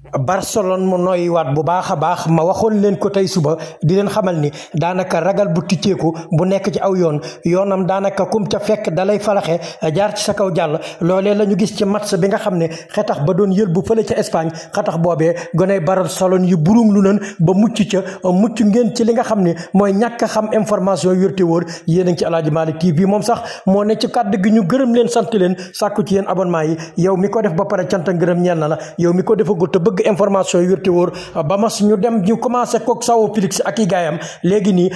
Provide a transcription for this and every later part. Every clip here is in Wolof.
Barcelone mu noyyiwaat bu baax a baax ma waxoon leen ko tey suba di leen xamal ni daanaka ragal bu ticceeku bu nekk ci aw yoon yoonam daanaka kum ca fekk dalay falaxe jaar ci sa kaw jàll loolee la ñu gis ci match bi nga xam ne xetax ba doon yël bu fële ca Espagne xetax boobee goney Barcelone yu burum lu nan ba mucc ca mucc ngeen ci li nga xam ne mooy ñàkk xam information yu te wóor yéen a ngi ci Aladji Malick TV moom sax moo ne ci kàddu gi ñu gërëm leen sant leen sàkku ci yéen abonnement yi yow mi ko def ba pare cant ngërëm ñeel na la yow mi ko defagul bëgg information yu wérte wóor ba mas ñu dem ñu commencé kook Sao i gaayam bi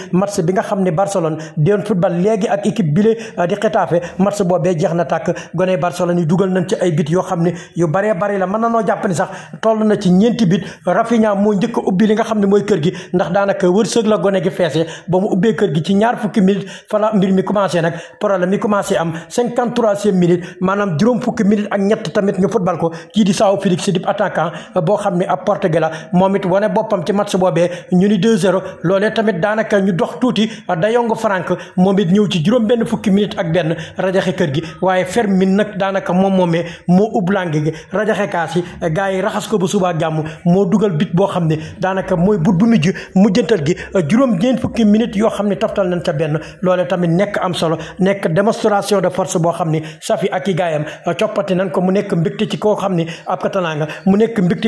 euh, yoo xam ne yu baree bari na noo jàpp ni sax na ci ñeenti bit Rafinha moo a ubbi li nga xam ne mooy kër gi ndax daanaka wërsëg la gone gi feese ba mu ubbee kër gi ci ñaar fukki minute fala mbir mi commencé nag problème mi commencé am cinquante troisième minute maanaam juróom fukki minute ak ñett tamit ñu football ko kii di Sao di attaquant boo xam ni ab portugais la moom it wane boppam ci match boobee ñu ni 2-0 loolee tamit daanaka ñu dox tuuti Dayong Franck moom it ñëw ci juróom benn fukki minute ak benn rajaxe kër gi waaye Fermin nag daanaka moom moomee moo ub langue gi rajaxe kaas yi gars yi raxas ko bu subaa jàmm moo dugal bit boo xam ne daanaka mooy but bu mujj mujjantal gi juróom ñeent fukki minute yoo xam ne toftal nañ ca benn loolee tamit nekk am solo nekk démonstration de force boo xam ni safi ak i gaayam coppati nañ ko mu nekk mbégte ci koo xam ni ab katalan nga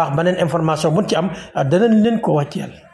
baax beneen information buñ ci am danañ leen ko wàcceel